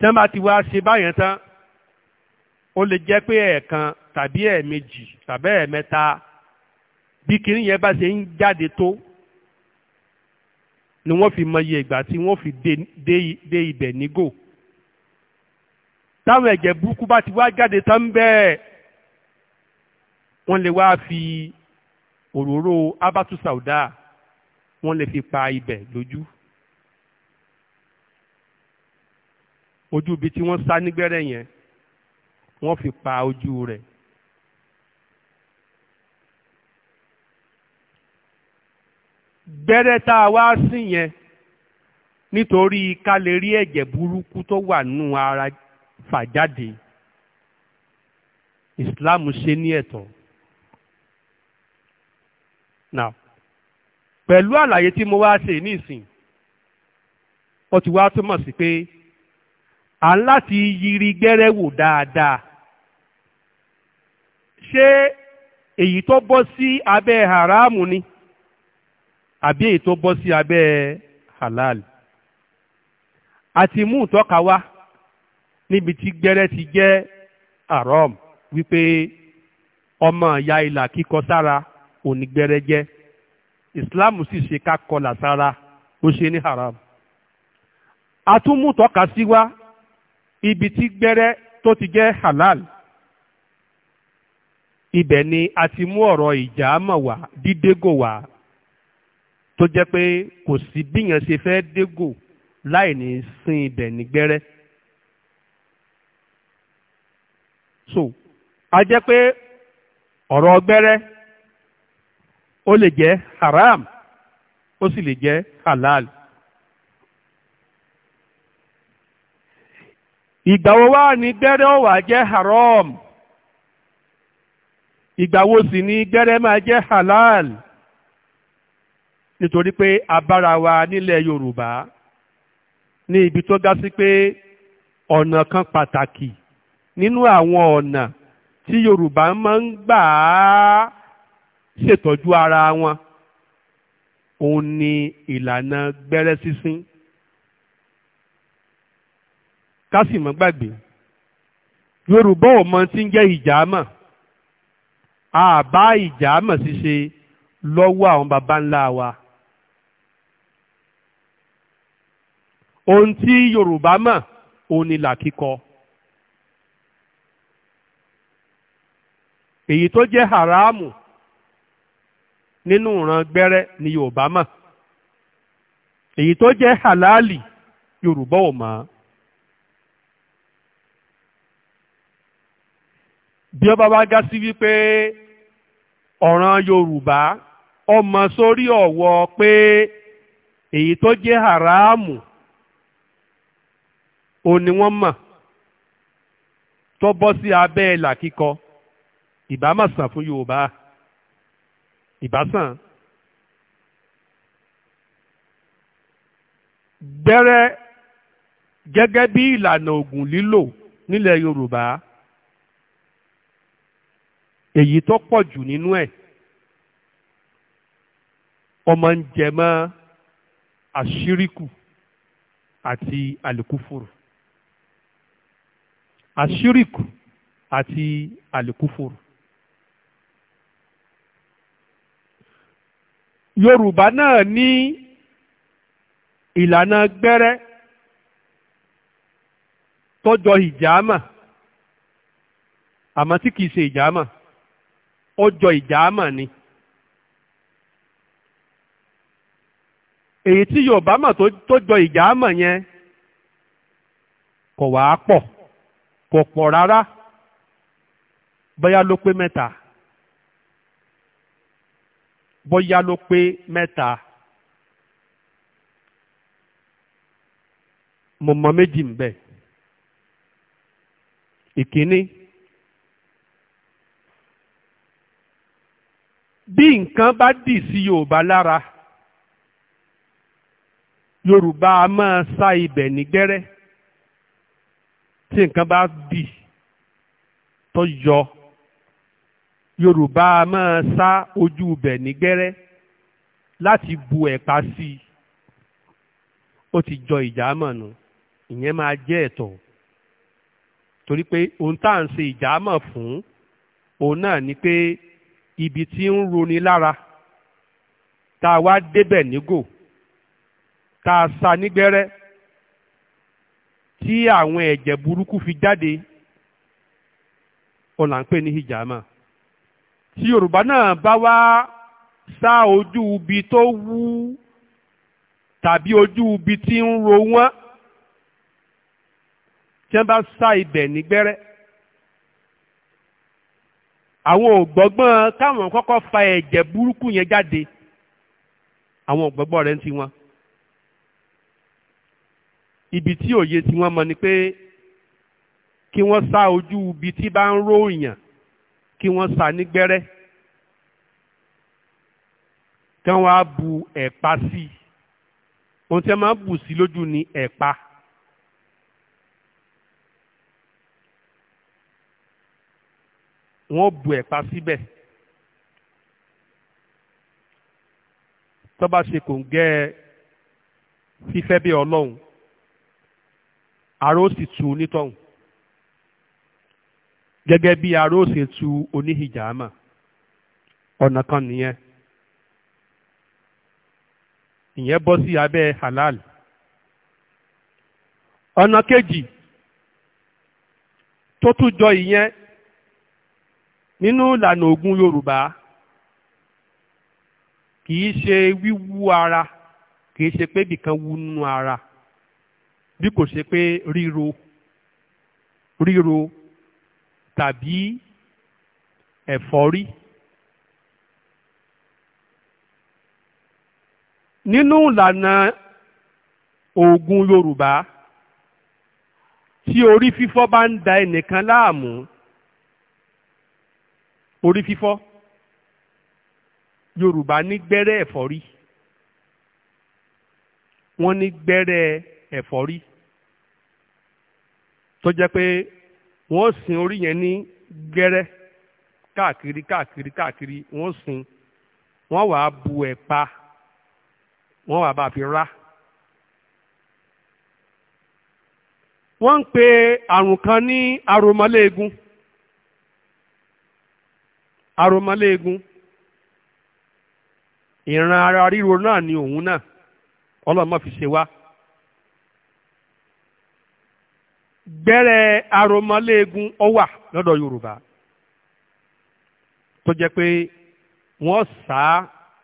tẹ́ bá ti wá ṣe báyẹn tán ó lè jẹ́ pé ẹ̀ẹ̀kan tàbí ẹ̀ẹ̀mejì tàbí ẹ̀ẹ̀mẹ́ta bí kinní yẹn bá ṣe ń jáde tó ni wọ́n fi mọ iye ìgbà tí wọ́n fi dé ibẹ̀ nígò táwọn ẹ̀jẹ̀ burúkú bá ti wá jáde tán bẹ́ẹ̀ wọ́n lè wá fi òróró abatu sauda wọ́n lè fi pa ibẹ̀ lójú. ojú ibi tí wọ́n sá nígbẹ́rẹ́ yẹn wọ́n fi pa ojú rẹ̀. gbẹ́rẹ́ tá a wá sí yẹn nítorí ká lè rí ẹ̀jẹ̀ burúkú tó wà nù ara fà jáde Islam ṣe ní ẹ̀tọ́. pẹ̀lú àlàyé tí mo wá ṣe nísìn ó ti wá túmọ̀ sí pé à ń láti yiri gẹ́rẹ́ wò dáadáa ṣé èyí tó bọ́ sí abẹ́ haramu ni àbí èyí tó bọ́ sí abẹ́ halal àti mú ìtọ́ka wá níbi tí gẹ́rẹ́ ti jẹ́ haram wípé ọmọ ìyá ìlà kíkọ sára onígbẹ́rẹ́ jẹ́ ìsìláàmù sì ṣe ká kọlà sára ó ṣe ní haram a tún mú sí wá ibi tí gbẹ́rẹ́ tó ti jẹ́ halal ibẹ̀ ni a ti mú ọ̀rọ̀ ìjàmọ̀ wá dídégò wá tó jẹ́ pé kò sí bíyàn ṣe fẹ́ dégò láì ní sin ibẹ̀ ní gbẹ́rẹ́. so a jẹ́ pé ọ̀rọ̀ gbẹ́rẹ́ ó lè jẹ́ haram ó sì lè jẹ́ halal. ìgbàwo wá ní gbẹ́rẹ́ ó wá jẹ́ haram ìgbàwo sì ní gbẹ́rẹ́ máa jẹ́ halal nítorí pé abára wa nílẹ̀ Yorùbá ní ibi tó ga sí pé ọ̀nà kan pàtàkì nínú àwọn ọ̀nà tí Yorùbá máa ń gbà á ṣètọ́jú ara wọn òun ni ìlànà gbẹ́rẹ́ sísín. Si ká mọ́ gbàgbé yorùbá ò mọ tí ń jẹ́ ìjàmọ̀ àbá ìjàmọ̀ ṣíṣe lọ́wọ́ àwọn baba ńlá wa ohun tí yorùbá mọ̀ òun ni ìlà kíkọ èyí tó jẹ́ haramu nínú ìran gbẹ́rẹ́ ni yorùbá mọ̀ èyí tó jẹ́ halali yorùbá ò mọ̀ ọ́. bí ọba bá gá sí wípé ọ̀ràn yorùbá ọmọ sórí ọ̀wọ́ pé èyí tó jẹ́ haramu ò ní wọ́n mọ̀ tó bọ́ sí abẹ́ ẹ̀là kíkọ ìbámasàn fún yorùbá ìbásàn gbẹ́rẹ́ gẹ́gẹ́ bí ìlànà ògùn lílò nílẹ̀ yorùbá èyí tó pọ̀ jù nínú ẹ̀ ọmọ ń jẹ mọ́ àṣíríkù àti àlùkùfùrù àṣíríkù àti àlùkùfùrù. Yorùbá náà ní ìlànà gbẹ́rẹ́ tó ìjàmà àmọ́ tí kìí ṣe ìjàmà. ọjọ́ ìjàámà ni. èyí tí yorùbá mà tó jọ ìjàámà yẹn kò wá pọ̀ kò pọ̀ rárá bóyá ló pé mẹ́ta bóyá ló pé mẹ́ta mo mọ méjì ń bẹ̀ ìkíní. E bí nǹkan bá dì sí yorùbá lára yorùbá a máa sá ibẹ̀ ní gẹ́rẹ́ tí nǹkan bá dì tó yọ yorùbá a máa sá ojú ibẹ̀ ní gẹ́rẹ́ láti bu ẹ̀pá sí i ó ti jọ ìjàmọ̀ nù ìyẹn máa jẹ́ ẹ̀tọ́ torí pé ohun tá à ń ṣe ìjàmọ̀ fún òun náà ni pé ibi tí ń roni lára tá a wá débẹ̀ nígò tá a sa nígbẹ́rẹ́ tí àwọn ẹ̀jẹ̀ burúkú fi jáde ọ̀là ń pè ní hijama tí yorùbá náà bá wá sá ojú ibi tó wú tàbí ojú ibi tí ń ro wọ́n tí wọ́n bá sá ibẹ̀ nígbẹ́rẹ́ àwọn ògbọ́gbọ́n káwọn kọ́kọ́ fa ẹ̀jẹ̀ burúkú yẹn jáde àwọn ògbọ́gbọ́n rẹ̀ ń ti wọn. ibi tí òye tí wọ́n mọ̀ ni pé kí wọ́n sá ojú ibi tí bá ń ró èèyàn kí wọ́n sá ní gbẹ́rẹ́ kí wọ́n á bu ẹ̀pa sí i ohun tí wọ́n máa ń bù sí lójú ni ẹ̀pa. E wọ́n bu ẹ̀pà síbẹ̀ tó bá ṣe kò ń gẹ́ ẹ fífẹ́ bí ọlọ́run aró sì tu onítọ̀hún gẹ́gẹ́ bí aró sì tu oníhìjàmà ọ̀nà kan nìyẹn ìyẹn bọ́ sí abẹ́ halal ọ̀nà kejì tó tún jọ ìyẹn nínú ìlànà ògùn Yorùbá kìí ṣe wíwú ara kìí ṣe pé bìkan wú nínú ara bí kò ṣe pé ríro ríro tàbí ẹ̀fọ́rí. nínú ìlànà ògùn Yorùbá tí orí fífọ́ bá ń da ẹnìkan láàmú orí fífọ́ yorùbá ní gbẹ́rẹ́ ẹ̀fọ́rí wọ́n ní gbẹ́rẹ́ ẹ̀fọ́rí tó jẹ́ pé wọ́n sin orí yẹn ní gbẹ́rẹ́ káàkiri káàkiri káàkiri wọ́n sin wọ́n wàá bu ẹ̀pa wọ́n wàá bá fi rá. wọ́n ń pe àrùn kan ní aromọléegun. aromọléegun ìran ara ríro náà ni òun náà ọlọ́mọ fi ṣe wá gbẹ́rẹ́ aromọléegun ọ wà lọ́dọ̀ Yorùbá tó jẹ́ pé wọ́n sá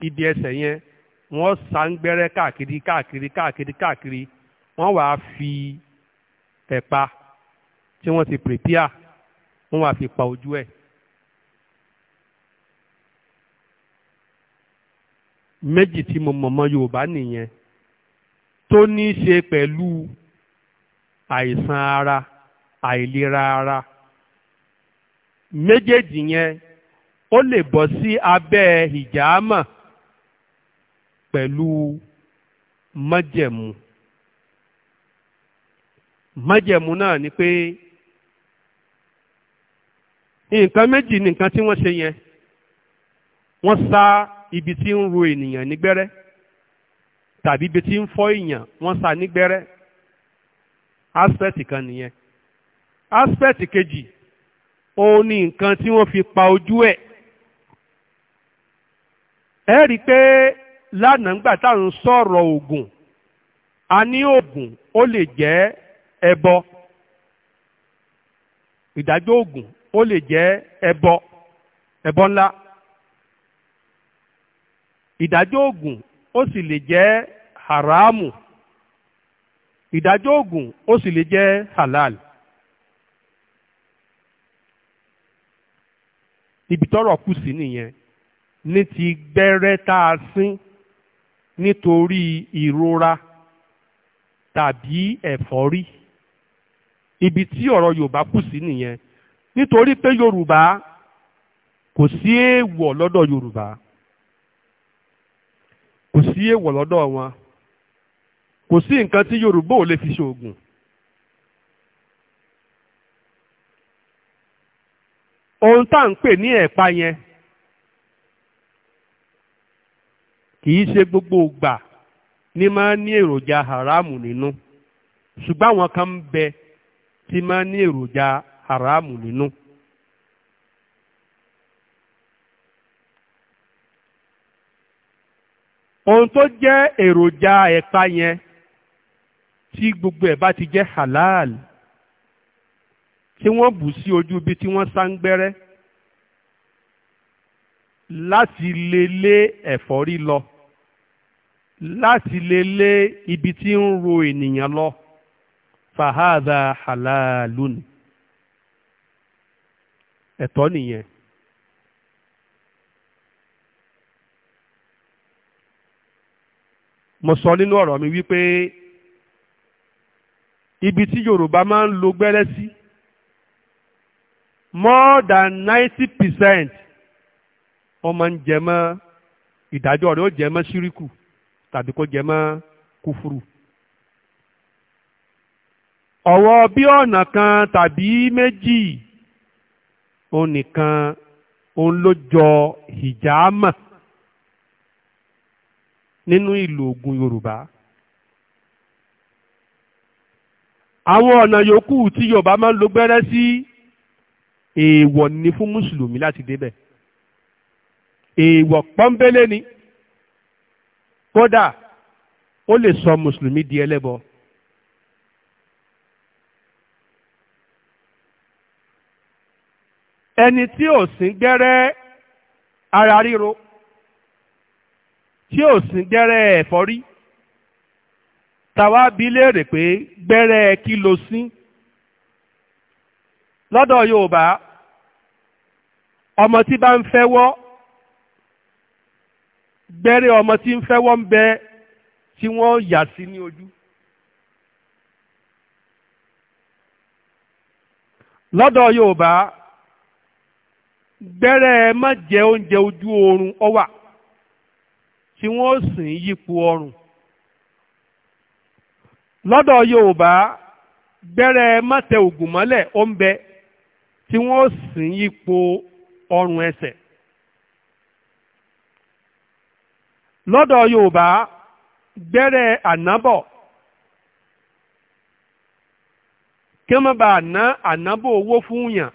ibi ẹsẹ̀ yẹn wọ́n sá ń gbẹ́rẹ́ káàkiri káàkiri káàkiri fi ẹ̀pa tí wọ́n ti wọ́n fi pa ojú ẹ̀. méjì tí mo mọ̀mọ́ Yorùbá nìyẹn tó ní í ṣe pẹ̀lú àìsàn ara àìlera ara méjèèjì yẹn ó lè bọ́ sí abẹ́ hijama pẹ̀lú májẹ̀mú májẹ̀mú náà ni pé nǹkan méjì ni tí wọ́n ṣe yẹn wọ́n sá ibi tí ń ro ènìyàn nígbẹ́rẹ́ tàbí ibi tí ń fọ́ èèyàn wọ́n sa nígbẹ́rẹ́ aspect kan nìyẹn aspect kejì òun ni nǹkan tí wọ́n fi pa ojú ẹ̀ ẹ rí i pé lánàá ńgbà tá sọ̀rọ̀ oògùn a ní oògùn ó lè jẹ́ ẹbọ ìdájọ́ oògùn ó lè jẹ́ ẹbọ ẹbọ ńlá ìdájọ́ ògùn ó sì lè jẹ́ haramu ìdájọ́ ògùn ó sì lè jẹ́ halal. ibi tọ́rọ̀ kù sí nìyẹn ní ti gbẹ́rẹ́ tá a sín nítorí ìrora tàbí ẹ̀fọ́rí ibi tí ọ̀rọ̀ Yorùbá kù sí nìyẹn nítorí pé Yorùbá kò sí èèwọ̀ lọ́dọ̀ Yorùbá. kò sí èèwọ̀ lọ́dọ̀ wọn kò sí nǹkan tí Yorùbá ò lè fi ṣoògùn ohun tá à ń pè ní ẹ̀pa yẹn kì í ṣe gbogbo ìgbà ní máa ní èròjà haramu nínú ṣùgbọ́n àwọn kan ń bẹ tí máa ní èròjà haramu nínú. ohun tó jẹ́ èròjà ẹ̀pà yẹn tí gbogbo ẹ̀ bá ti jẹ́ halal tí wọ́n bù sí ojú ibi tí wọ́n sá ń gbẹ́rẹ́ láti lè lé ẹ̀fọ́rí lọ láti lè lé ibi tí ń ro ènìyàn lọ fàhádà halalun ẹ̀tọ́ nìyẹn mo sọ nínú ọ̀rọ̀ mi wípé ibi tí Yorùbá máa ń lo gbẹ́rẹ́ sí more than ninety percent ọmọ ń jẹ mọ́ ìdájọ́ rẹ̀ ó jẹ mọ́ síríkù tàbí kó jẹ mọ́ kúfúrú ọ̀wọ́ bí ọ̀nà kan tàbí méjì òun nìkan òun ló jọ hijama nínú ìlò ògùn Yorùbá àwọn ọ̀nà yòókù tí Yorùbá máa ń lo gbẹ́rẹ́ sí èèwọ̀ ni fún mùsùlùmí láti débẹ̀ èèwọ̀ pọ́ńbélé ni kódà ó lè sọ mùsùlùmí di ẹlẹ́bọ. ẹni tí ò sín gbẹ́rẹ́ ara ríro tí ò sí gbẹ́rẹ́ ẹ̀fọ́rí tàwa bi léèrè pé gbẹ́rẹ́ kí lo sí lọ́dọ̀ Yorùbá ọmọ tí bá ń fẹ́wọ́ gbẹ́rẹ́ ọmọ tí ń fẹ́wọ́ ń bẹ tí wọ́n yà sí ní ojú. lọ́dọ̀ Yorùbá gbẹ́rẹ́ má jẹ oúnjẹ ojú oorun ọ wà. tí wọ́n ó sìn yípo ọrùn lọ́dọ̀ Yorùbá gbẹ́rẹ́ mọ́tẹ ògùn mọ́lẹ̀ ó ń bẹ tí wọ́n ó sìn yípo ọrùn ẹsẹ̀ lọ́dọ̀ Yorùbá gbẹ́rẹ́ ànábọ̀ kí wọ́n bá ná ànábọ̀ owó fún yàn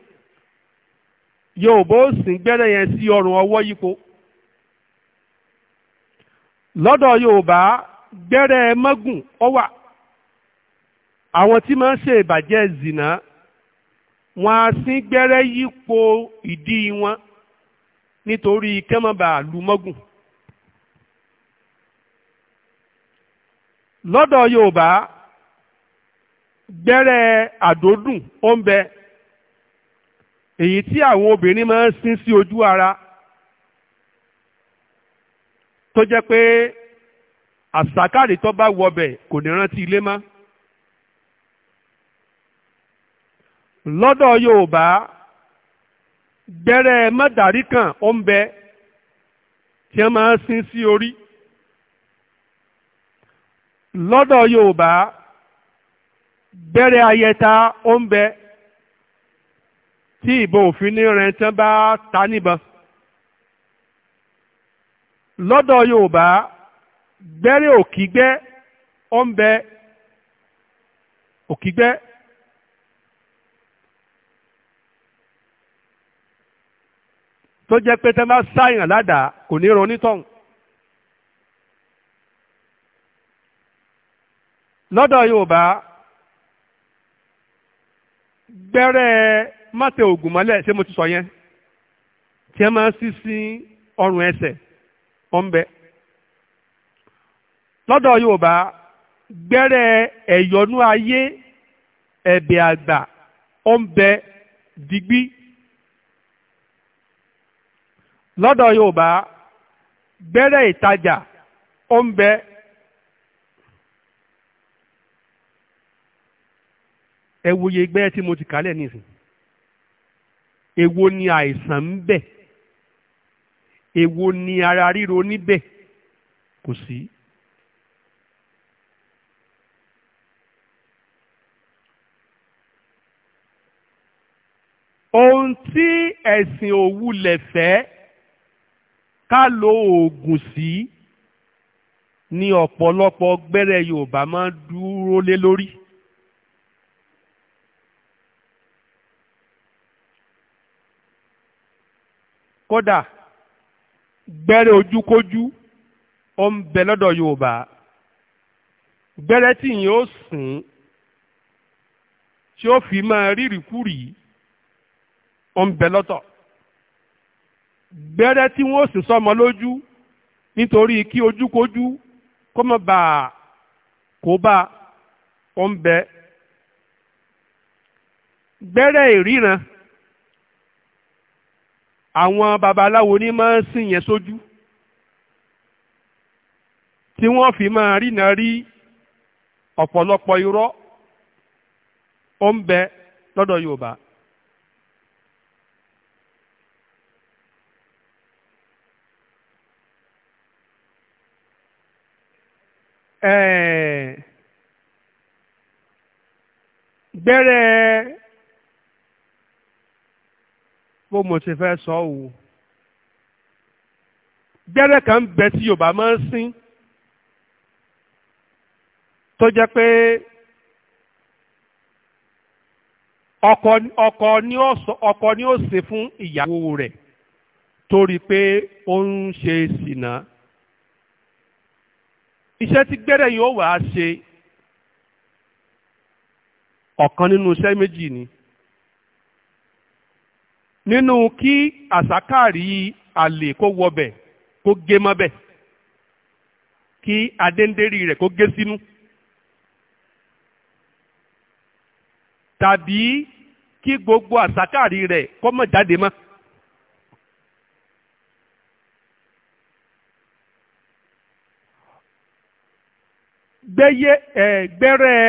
Yorùbá ó sìn gbẹ́rẹ́ yẹn sí ọrùn ọwọ́ yípo. lọ́dọ̀ Yorùbá gbẹ́rẹ́ mọ́gùn ọ wà àwọn tí máa ń ṣe ìbàjẹ́ zìnà wọn a sí gbẹ́rẹ́ yípo ìdí wọn nítorí kẹ́mọ́bà lu mọ́gùn. lọ́dọ̀ Yorùbá gbẹ́rẹ́ àdódùn ó ń bẹ èyí tí àwọn obìnrin máa ń sín sí ojú ara. tó jẹ́ pé àṣàkárì tó bá wọbẹ̀ kò ní rántí ilé má. lọ́dọ̀ Yorùbá gbẹ́rẹ́ mọ́dàrí kan ó ń bẹ tí wọ́n máa ń sin sí orí. lọ́dọ̀ Yorùbá gbẹ́rẹ́ ayẹta ó ń bẹ tí ìbọn òfin ní rẹ̀ tán bá ta níbọn. lọ́dọ̀ Yorùbá gbẹ́rẹ́ òkígbẹ́ ó ń bẹ òkígbẹ́ tó jẹ́ pé tẹ́ bá sáyàn kò ní ronú lọ́dọ̀ Yorùbá gbẹ́rẹ́ tí ó ń bẹ. lọ́dọ̀ yorùbá gbẹ́rẹ́ ẹ̀yọ́nú ayé ẹ̀bẹ̀ àgbà ó ń bẹ digbí. lọ́dọ̀ yorùbá gbẹ́rẹ́ ìtajà ó ń bẹ. gbẹ́rẹ́ tí mo ti kálẹ̀ nísìn èwo ni àìsàn ń bẹ̀ Ewo ni ara ríro níbẹ̀ kò sí. ohun tí ẹ̀sìn òwú lẹ̀ fẹ́ ká lo oògùn sí ni ọ̀pọ̀lọpọ̀ gbẹ́rẹ́ Yorùbá máa dúró lé lórí. kódà gbẹ́rẹ́ ojúkójú ó ń bẹ lọ́dọ̀ Yorùbá gbẹ́rẹ́ tí yìí ó sìn tí ó fi máa rírìkúrì ó ń bẹ lọ́tọ̀ gbẹ́rẹ́ tí wọ́n sì sọmọ lójú nítorí kí ojúkójú kó má bàa kó bá ó ń bẹ gbẹ́rẹ́ ìríran àwọn babaláwo ní máa ń sìn yẹn sójú tí wọ́n fi máa rìnà rí ọ̀pọ̀lọpọ̀ irọ́ ó ń bẹ lọ́dọ̀ Yorùbá. gbẹ́rẹ́ bó mo ṣe fẹ́ sọ o gbẹ́rẹ́ kan bẹ tí Yorùbá máa ń sín tó jẹ́ pé ọkọ ọkọ ni ó ọkọ ni ó fún ìyàwó rẹ̀ torí pé ó ń ṣe sìnà iṣẹ́ tí gbẹ́rẹ́ yóò wá ṣe ọ̀kan nínú iṣẹ́ méjì ni. nínú kí àsákàrí àlè kó wọbẹ̀ kó gé mọ́bẹ̀ kí adéǹdérì rẹ̀ kó gé sínú tàbí kí gbogbo àsákàrí rẹ̀ kó má jáde mọ́. gbẹ́yé ẹ̀ gbẹ́rẹ́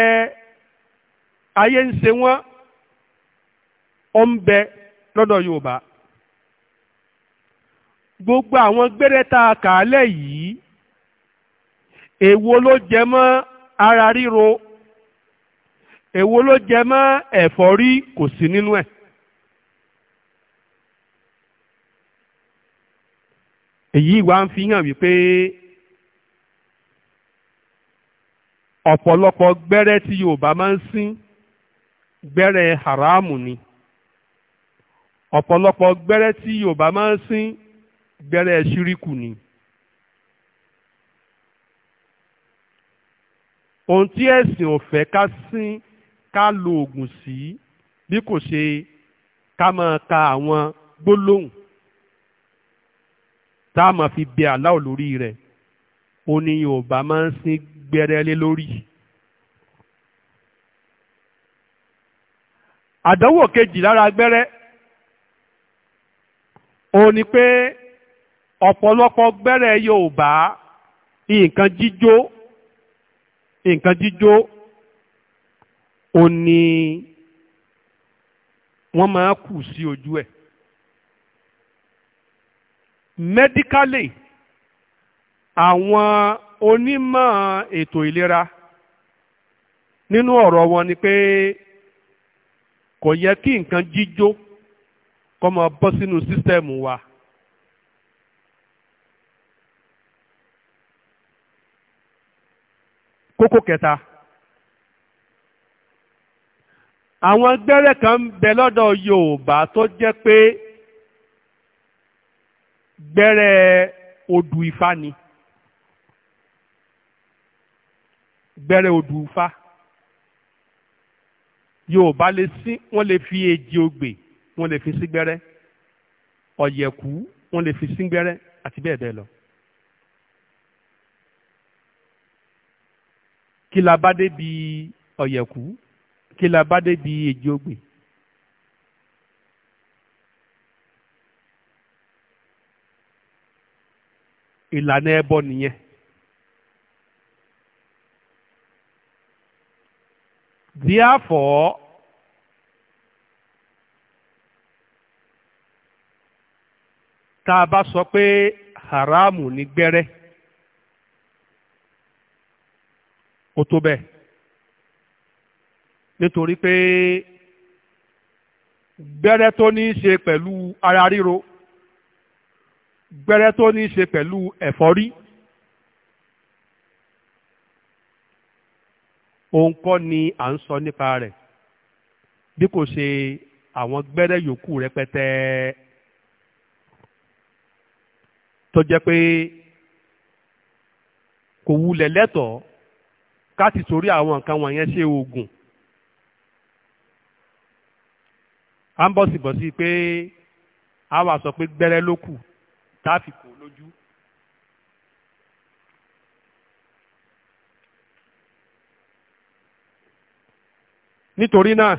ayé ń se wọ́n ó ń bẹ lọ́dọ̀ Yorùbá gbogbo àwọn gbẹ́rẹ́ tá a kà á lẹ̀ yìí èwo ló jẹ mọ́ ara ríro èwo ló jẹ mọ́ ẹ̀fọ́rí kò sí nínú ẹ̀. èyí wá ń fi hàn wípé ọ̀pọ̀lọpọ̀ gbẹ́rẹ́ tí Yorùbá máa ń sín gbẹ́rẹ́ haramu ni. ọ̀pọ̀lọpọ̀ gbẹ́rẹ́ tí Yorùbá máa ń sín gbẹ́rẹ́ ṣíríkù ni. ohun tí ẹ̀sìn ò fẹ́ ká sín ká lo oògùn sí bí kò ṣe ká máa ka àwọn gbólóhùn tá a máa fi bẹ aláwọ̀ lórí rẹ̀ ó ní Yorùbá máa ń sín gbẹ́rẹ́ lé lórí. àdánwò kejì lára gbẹ́rẹ́ òun ni pé ọ̀pọ̀lọpọ̀ gbẹ́rẹ̀ Yorùbá nǹkan jíjó nǹkan jíjó òun ni wọ́n máa kù sí ojú ẹ̀ medically àwọn onímọ̀ ètò ìlera nínú ọ̀rọ̀ wọn ni pé kò yẹ kí nǹkan jíjó kọ́ máa bọ́ sínú sísítẹ́ẹ̀mù wa. kókó kẹta àwọn gbẹ́rẹ́ kan ń bẹ lọ́dọ̀ Yorùbá tó jẹ́ pé gbẹ́rẹ́ odù ifá ni gbẹ́rẹ́ odù ifá Yorùbá lè sí wọ́n lè fi èjì ogbè wọ́n lè fi sígbẹ́rẹ́ ọ̀yẹ̀kú wọ́n lè fi sígbẹ́rẹ́ àti bẹ́ẹ̀ bẹ́ẹ̀ lọ. kí la bi ọ̀yẹ̀kú kí la bi èjì ìlànà ẹbọ nìyẹn. therefore tá a bá sọ pé haramu ní gbẹ́rẹ́ ó tó bẹ́ẹ̀ nítorí pé gbẹ́rẹ́ tó ní í ṣe pẹ̀lú ara ríro gbẹ́rẹ́ tó ní í ṣe pẹ̀lú ẹ̀fọ́rí òun kọ́ ni à ń sọ nípa rẹ̀ bí kò ṣe àwọn gbẹ́rẹ́ yòókù rẹpẹtẹ tó jẹ́ pé kò wulẹ̀ lẹ́tọ̀ọ́ ká ti torí àwọn nǹkan wọ̀nyẹn ṣe oògùn à ń bọ̀sibọ̀sí pé a wà sọ pé gbẹ́rẹ́ ló kù tá lójú. nítorí náà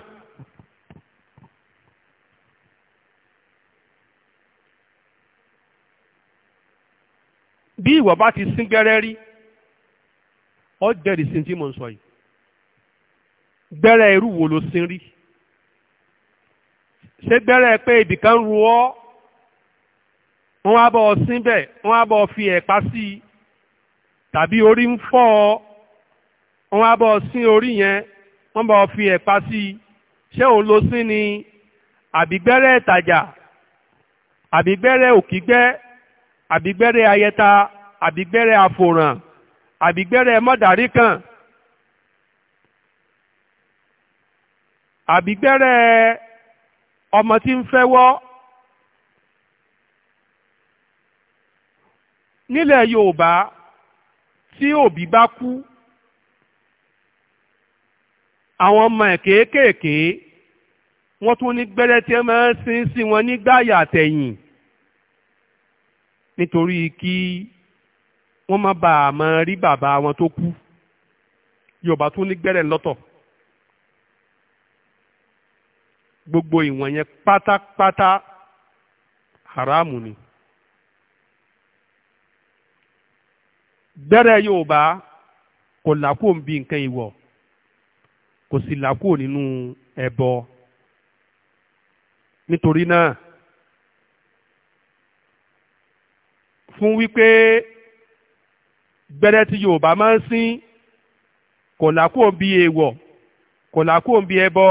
ìwọ bá ti sín gbẹ́rẹ́ rí ọ jẹ́rìí sí tí mo ń sọ yìí gbẹ́rẹ́ irú wo ló sín rí ṣé gbẹ́rẹ́ pé ibìkan ru ọ́ wọ́n á bọ̀ sín bẹ̀ wọ́n á bọ̀ fi ẹ̀pá sí i tàbí orí ń fọ́ ọ wọ́n á bọ̀ sín orí yẹn wọ́n bọ̀ fi ẹ̀pá sí i ṣé òun ló sín ni àbígbẹ́rẹ́ ìtajà àbígbẹ́rẹ́ òkígbẹ́ àbígbẹ́rẹ́ ayẹta àbígbẹ́rẹ́ àfòràn àbígbẹ́rẹ́ mọ́dàrí kan àbígbẹ́rẹ́ ọmọ tí ń fẹ́wọ́ nílẹ̀ Yorùbá tí òbí bá kú àwọn ọmọ ẹ̀ kéékèèké wọ́n tún ní gbẹ́rẹ́ tí ẹ máa ń sin sí wọn nígbà yàtẹ̀yìn nítorí kí wọ́n má bàa máa rí bàbá wọn tó kú yorùbá tún ní gbẹ́rẹ̀ lọ́tọ̀ gbogbo ìwọ̀n yẹn pátápátá haramu ni gbẹ́rẹ̀ yorùbá kò làkó ń bi nǹkan ìwọ̀ kò sì làkó nínú ẹbọ nítorí náà fún wípé gbẹ̀rẹ̀ tí Yorùbá máa ń sín kò lákò ń bí èèwọ̀ kò lákò ń bí ẹbọ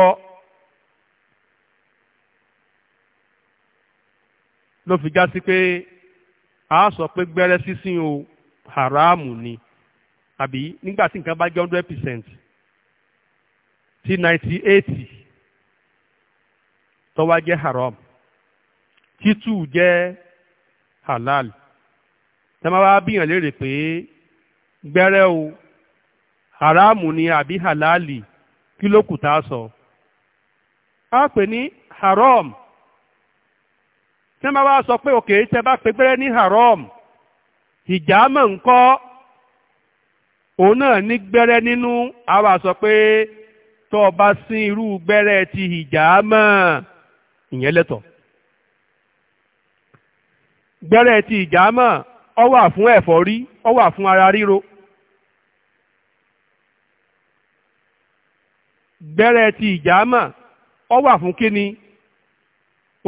ló fi já sí pé a sọ pé gbẹ̀rẹ̀ sísín o haramu ni àbí nígbà tí nǹkan bá jẹ́ hundred percent tí ninety eighty tó jẹ́ haram títù jẹ́ halal tẹ́lẹ̀ máa wá bíyàn léèrè pé gbẹrẹ o haramu ni àbí halali kí ló kù tá a sọ a pè ní haram tí wọ́n wá sọ pé òkè tẹ́ bá pé gbẹ́rẹ́ ní haram hijama ńkọ́ òun náà ní gbẹ́rẹ́ nínú a wá sọ pé tó o bá sín irú gbẹ́rẹ́ ti hijama ìyẹn lẹ́tọ̀ọ́ gbẹ́rẹ́ ti hijama ọ wà fún ẹ̀fọ́rí ọ wà fún ara ríro gbẹ́rẹ́ ti ìjàmà ọ wà fún kíni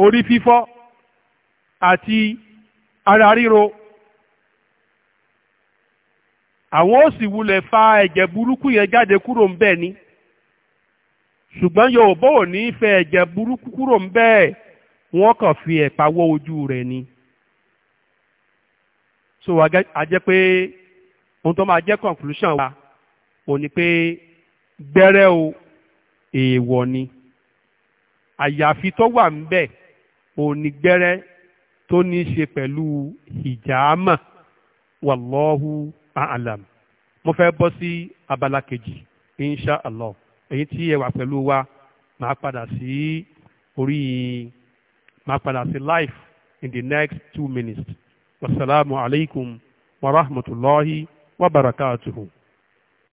orí fífọ́ àti ara ríro àwọn ó sì wulẹ̀ fa ẹ̀jẹ̀ burúkú yẹn jáde kúrò ń bẹ̀ ni ṣùgbọ́n Yorùbá ò ní fẹ́ ẹ̀jẹ̀ burúkú kúrò ń bẹ́ẹ̀ wọ́n kàn fi ẹ̀pà wọ́ ojú rẹ̀ ni so a jẹ́ pé ohun tó máa jẹ́ conclusion wa ò ní pé gbẹ́rẹ́ o èèwọ̀ ni àyàfi tó wà ń bẹ̀ onígbẹ́rẹ́ tó ní í ṣe pẹ̀lú hijama wallahu a'lam mo fẹ́ bọ́ sí abala kejì insha allah èyí tí ẹ wà pẹ̀lú wa máa padà sí orí máa padà sí live in the next two minutes wasalaamu alaykum wa rahmatulahi wa barakatuhu.